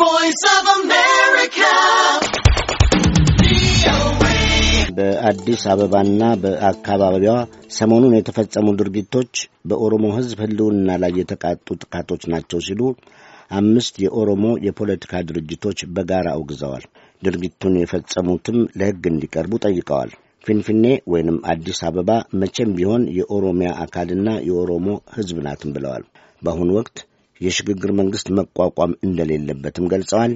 voice of America. በአዲስ አበባና በአካባቢዋ ሰሞኑን የተፈጸሙ ድርጊቶች በኦሮሞ ሕዝብ ሕልውና ላይ የተቃጡ ጥቃቶች ናቸው ሲሉ አምስት የኦሮሞ የፖለቲካ ድርጅቶች በጋራ አውግዘዋል። ድርጊቱን የፈጸሙትም ለሕግ እንዲቀርቡ ጠይቀዋል። ፊንፊኔ ወይንም አዲስ አበባ መቼም ቢሆን የኦሮሚያ አካልና የኦሮሞ ሕዝብ ናትም ብለዋል። በአሁኑ ወቅት የሽግግር መንግሥት መቋቋም እንደሌለበትም ገልጸዋል።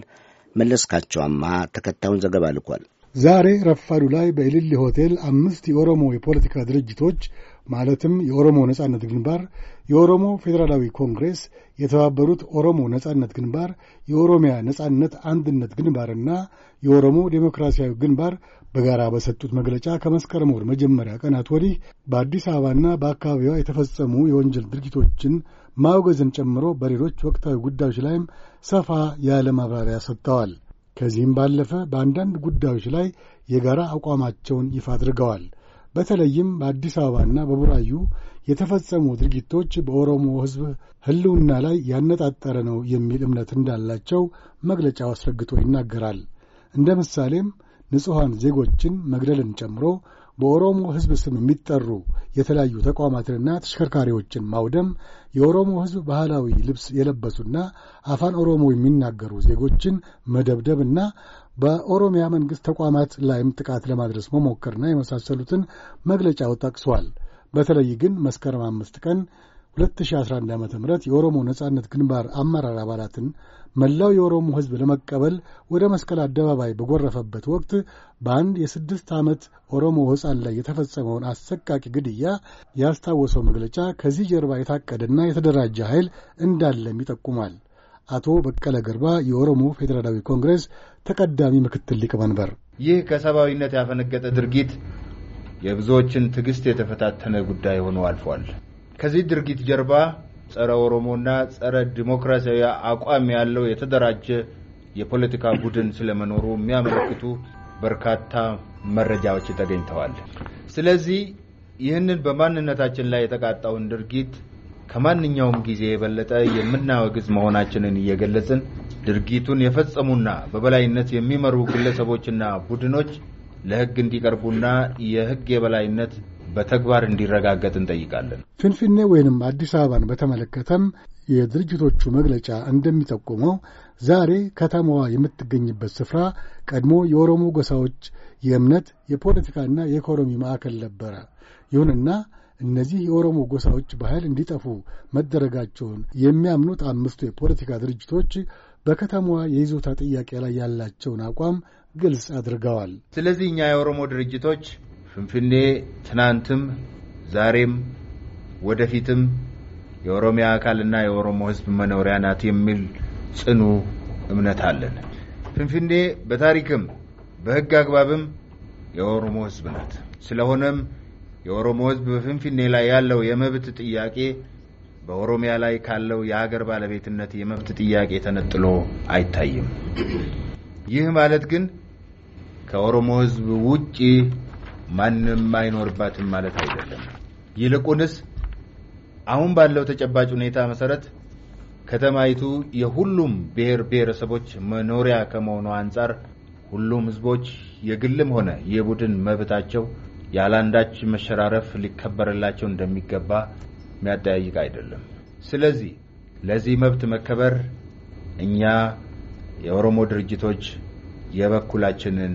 መለስካቸው አመሃ ተከታዩን ዘገባ ልኳል። ዛሬ ረፋዱ ላይ በኢልሊ ሆቴል አምስት የኦሮሞ የፖለቲካ ድርጅቶች ማለትም የኦሮሞ ነጻነት ግንባር፣ የኦሮሞ ፌዴራላዊ ኮንግሬስ፣ የተባበሩት ኦሮሞ ነጻነት ግንባር፣ የኦሮሚያ ነጻነት አንድነት ግንባርና የኦሮሞ ዴሞክራሲያዊ ግንባር በጋራ በሰጡት መግለጫ ከመስከረም ወር መጀመሪያ ቀናት ወዲህ በአዲስ አበባና በአካባቢዋ የተፈጸሙ የወንጀል ድርጊቶችን ማውገዝን ጨምሮ በሌሎች ወቅታዊ ጉዳዮች ላይም ሰፋ ያለ ማብራሪያ ሰጥተዋል። ከዚህም ባለፈ በአንዳንድ ጉዳዮች ላይ የጋራ አቋማቸውን ይፋ አድርገዋል። በተለይም በአዲስ አበባና በቡራዩ የተፈጸሙ ድርጊቶች በኦሮሞ ሕዝብ ሕልውና ላይ ያነጣጠረ ነው የሚል እምነት እንዳላቸው መግለጫው አስረግቶ ይናገራል። እንደ ምሳሌም ንጹሐን ዜጎችን መግደልን ጨምሮ በኦሮሞ ሕዝብ ስም የሚጠሩ የተለያዩ ተቋማትንና ተሽከርካሪዎችን ማውደም፣ የኦሮሞ ሕዝብ ባህላዊ ልብስ የለበሱና አፋን ኦሮሞ የሚናገሩ ዜጎችን መደብደብና በኦሮሚያ መንግሥት ተቋማት ላይም ጥቃት ለማድረስ መሞከርና የመሳሰሉትን መግለጫው ጠቅሷል። በተለይ ግን መስከረም አምስት ቀን 2011 ዓ ም የኦሮሞ ነጻነት ግንባር አመራር አባላትን መላው የኦሮሞ ሕዝብ ለመቀበል ወደ መስቀል አደባባይ በጎረፈበት ወቅት በአንድ የስድስት ዓመት ኦሮሞ ሕፃን ላይ የተፈጸመውን አሰቃቂ ግድያ ያስታወሰው መግለጫ ከዚህ ጀርባ የታቀደና የተደራጀ ኃይል እንዳለም ይጠቁማል። አቶ በቀለ ገርባ የኦሮሞ ፌዴራላዊ ኮንግሬስ ተቀዳሚ ምክትል ሊቀመንበር፣ ይህ ከሰብአዊነት ያፈነገጠ ድርጊት የብዙዎችን ትዕግስት የተፈታተነ ጉዳይ ሆኖ አልፏል። ከዚህ ድርጊት ጀርባ ጸረ ኦሮሞና ጸረ ዲሞክራሲያዊ አቋም ያለው የተደራጀ የፖለቲካ ቡድን ስለመኖሩ የሚያመለክቱ በርካታ መረጃዎች ተገኝተዋል። ስለዚህ ይህንን በማንነታችን ላይ የተቃጣውን ድርጊት ከማንኛውም ጊዜ የበለጠ የምናወግዝ መሆናችንን እየገለጽን ድርጊቱን የፈጸሙና በበላይነት የሚመሩ ግለሰቦችና ቡድኖች ለሕግ እንዲቀርቡና የሕግ የበላይነት በተግባር እንዲረጋገጥ እንጠይቃለን። ፍንፍኔ ወይንም አዲስ አበባን በተመለከተም የድርጅቶቹ መግለጫ እንደሚጠቁመው ዛሬ ከተማዋ የምትገኝበት ስፍራ ቀድሞ የኦሮሞ ጎሳዎች የእምነት፣ የፖለቲካና የኢኮኖሚ ማዕከል ነበረ። ይሁንና እነዚህ የኦሮሞ ጎሳዎች በኃይል እንዲጠፉ መደረጋቸውን የሚያምኑት አምስቱ የፖለቲካ ድርጅቶች በከተማዋ የይዞታ ጥያቄ ላይ ያላቸውን አቋም ግልጽ አድርገዋል። ስለዚህ እኛ የኦሮሞ ድርጅቶች ፍንፍኔ ትናንትም ዛሬም ወደፊትም የኦሮሚያ አካልና የኦሮሞ ህዝብ መኖሪያ ናት የሚል ጽኑ እምነት አለን። ፍንፍኔ በታሪክም በህግ አግባብም የኦሮሞ ህዝብ ናት። ስለሆነም የኦሮሞ ህዝብ በፍንፍኔ ላይ ያለው የመብት ጥያቄ በኦሮሚያ ላይ ካለው የሀገር ባለቤትነት የመብት ጥያቄ ተነጥሎ አይታይም። ይህ ማለት ግን ከኦሮሞ ህዝብ ውጪ ማንም አይኖርባትም ማለት አይደለም። ይልቁንስ አሁን ባለው ተጨባጭ ሁኔታ መሰረት ከተማይቱ የሁሉም ብሔር ብሔረሰቦች መኖሪያ ከመሆኑ አንጻር ሁሉም ሕዝቦች የግልም ሆነ የቡድን መብታቸው ያላንዳች መሸራረፍ ሊከበርላቸው እንደሚገባ የሚያጠያይቅ አይደለም። ስለዚህ ለዚህ መብት መከበር እኛ የኦሮሞ ድርጅቶች የበኩላችንን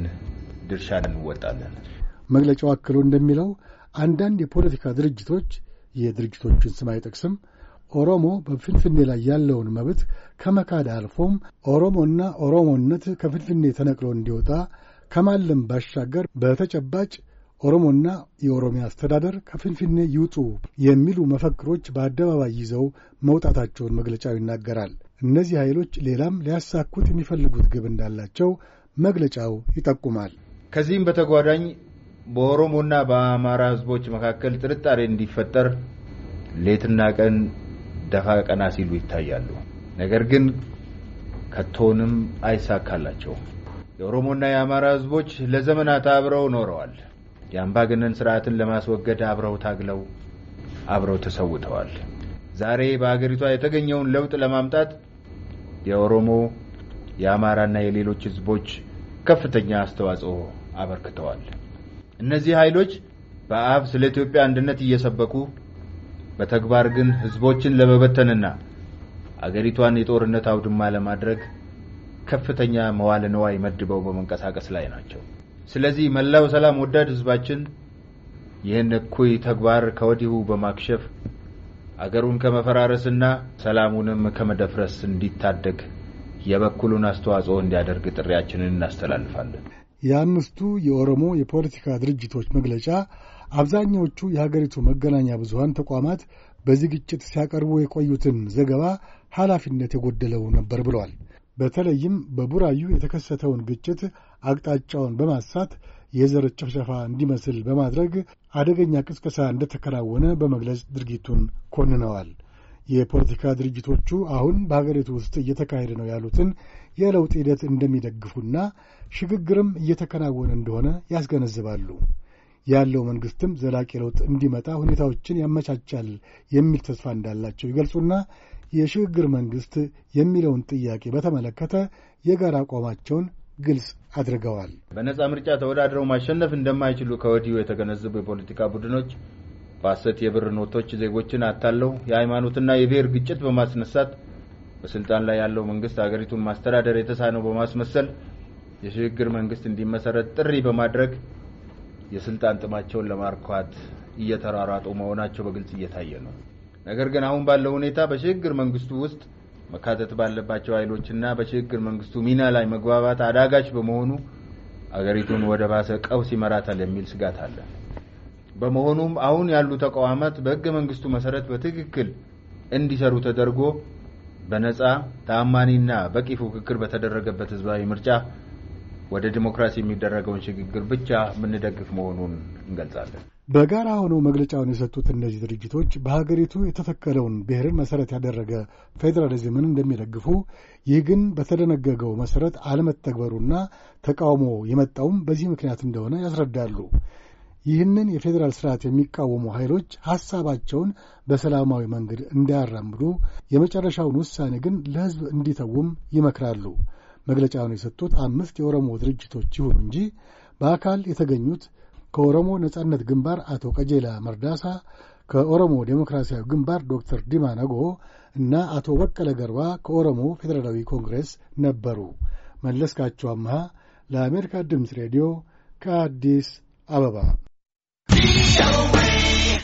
ድርሻ እንወጣለን። መግለጫው አክሎ እንደሚለው አንዳንድ የፖለቲካ ድርጅቶች የድርጅቶቹን ስም አይጠቅስም ኦሮሞ በፍንፍኔ ላይ ያለውን መብት ከመካድ አልፎም ኦሮሞና ኦሮሞነት ከፍንፍኔ ተነቅሎ እንዲወጣ ከማለም ባሻገር በተጨባጭ ኦሮሞና የኦሮሚያ አስተዳደር ከፍንፍኔ ይውጡ የሚሉ መፈክሮች በአደባባይ ይዘው መውጣታቸውን መግለጫው ይናገራል። እነዚህ ኃይሎች ሌላም ሊያሳኩት የሚፈልጉት ግብ እንዳላቸው መግለጫው ይጠቁማል። ከዚህም በተጓዳኝ በኦሮሞና በአማራ ህዝቦች መካከል ጥርጣሬ እንዲፈጠር ሌትና ቀን ደፋ ቀና ሲሉ ይታያሉ። ነገር ግን ከቶንም አይሳካላቸውም። የኦሮሞና የአማራ ህዝቦች ለዘመናት አብረው ኖረዋል። የአምባገነን ስርዓትን ለማስወገድ አብረው ታግለው አብረው ተሰውተዋል። ዛሬ በአገሪቷ የተገኘውን ለውጥ ለማምጣት የኦሮሞ የአማራና የሌሎች ህዝቦች ከፍተኛ አስተዋጽኦ አበርክተዋል። እነዚህ ኃይሎች በአፍ ስለ ኢትዮጵያ አንድነት እየሰበኩ በተግባር ግን ህዝቦችን ለመበተንና አገሪቷን የጦርነት አውድማ ለማድረግ ከፍተኛ መዋለ ንዋይ መድበው በመንቀሳቀስ ላይ ናቸው። ስለዚህ መላው ሰላም ወዳድ ህዝባችን ይህን እኩይ ተግባር ከወዲሁ በማክሸፍ አገሩን ከመፈራረስና ሰላሙንም ከመደፍረስ እንዲታደግ የበኩሉን አስተዋጽኦ እንዲያደርግ ጥሪያችንን እናስተላልፋለን። የአምስቱ የኦሮሞ የፖለቲካ ድርጅቶች መግለጫ አብዛኛዎቹ የሀገሪቱ መገናኛ ብዙሃን ተቋማት በዚህ ግጭት ሲያቀርቡ የቆዩትን ዘገባ ኃላፊነት የጎደለው ነበር ብሏል። በተለይም በቡራዩ የተከሰተውን ግጭት አቅጣጫውን በማሳት የዘር ጭፍጨፋ እንዲመስል በማድረግ አደገኛ ቅስቀሳ እንደተከናወነ በመግለጽ ድርጊቱን ኮንነዋል። የፖለቲካ ድርጅቶቹ አሁን በሀገሪቱ ውስጥ እየተካሄደ ነው ያሉትን የለውጥ ሂደት እንደሚደግፉና ሽግግርም እየተከናወነ እንደሆነ ያስገነዝባሉ። ያለው መንግስትም ዘላቂ ለውጥ እንዲመጣ ሁኔታዎችን ያመቻቻል የሚል ተስፋ እንዳላቸው ይገልጹና የሽግግር መንግስት የሚለውን ጥያቄ በተመለከተ የጋራ አቋማቸውን ግልጽ አድርገዋል። በነጻ ምርጫ ተወዳድረው ማሸነፍ እንደማይችሉ ከወዲሁ የተገነዘቡ የፖለቲካ ቡድኖች በሐሰት የብር ኖቶች ዜጎችን አታለው የሃይማኖትና የብሔር ግጭት በማስነሳት በስልጣን ላይ ያለው መንግስት አገሪቱን ማስተዳደር የተሳነው በማስመሰል የሽግግር መንግስት እንዲመሰረት ጥሪ በማድረግ የስልጣን ጥማቸውን ለማርኳት እየተራራጡ መሆናቸው በግልጽ እየታየ ነው። ነገር ግን አሁን ባለው ሁኔታ በሽግግር መንግስቱ ውስጥ መካተት ባለባቸው ኃይሎችና በሽግግር መንግስቱ ሚና ላይ መግባባት አዳጋች በመሆኑ አገሪቱን ወደ ባሰ ቀውስ ይመራታል የሚል ስጋት አለ። በመሆኑም አሁን ያሉ ተቋማት በህገ መንግስቱ መሰረት በትክክል እንዲሰሩ ተደርጎ በነጻ ተአማኒና በቂ ፉክክር በተደረገበት ህዝባዊ ምርጫ ወደ ዲሞክራሲ የሚደረገውን ሽግግር ብቻ የምንደግፍ መሆኑን እንገልጻለን። በጋራ ሆነው መግለጫውን የሰጡት እነዚህ ድርጅቶች በሀገሪቱ የተተከለውን ብሔርን መሰረት ያደረገ ፌዴራሊዝምን እንደሚደግፉ፣ ይህ ግን በተደነገገው መሰረት አለመተግበሩና ተቃውሞ የመጣውም በዚህ ምክንያት እንደሆነ ያስረዳሉ። ይህንን የፌዴራል ስርዓት የሚቃወሙ ኃይሎች ሐሳባቸውን በሰላማዊ መንገድ እንዳያራምዱ የመጨረሻውን ውሳኔ ግን ለሕዝብ እንዲተውም ይመክራሉ። መግለጫውን የሰጡት አምስት የኦሮሞ ድርጅቶች ይሁኑ እንጂ በአካል የተገኙት ከኦሮሞ ነጻነት ግንባር አቶ ቀጀላ መርዳሳ፣ ከኦሮሞ ዴሞክራሲያዊ ግንባር ዶክተር ዲማ ነጎ እና አቶ በቀለ ገርባ ከኦሮሞ ፌዴራላዊ ኮንግሬስ ነበሩ። መለስካቸው አምሃ ለአሜሪካ ድምፅ ሬዲዮ ከአዲስ አበባ Show me.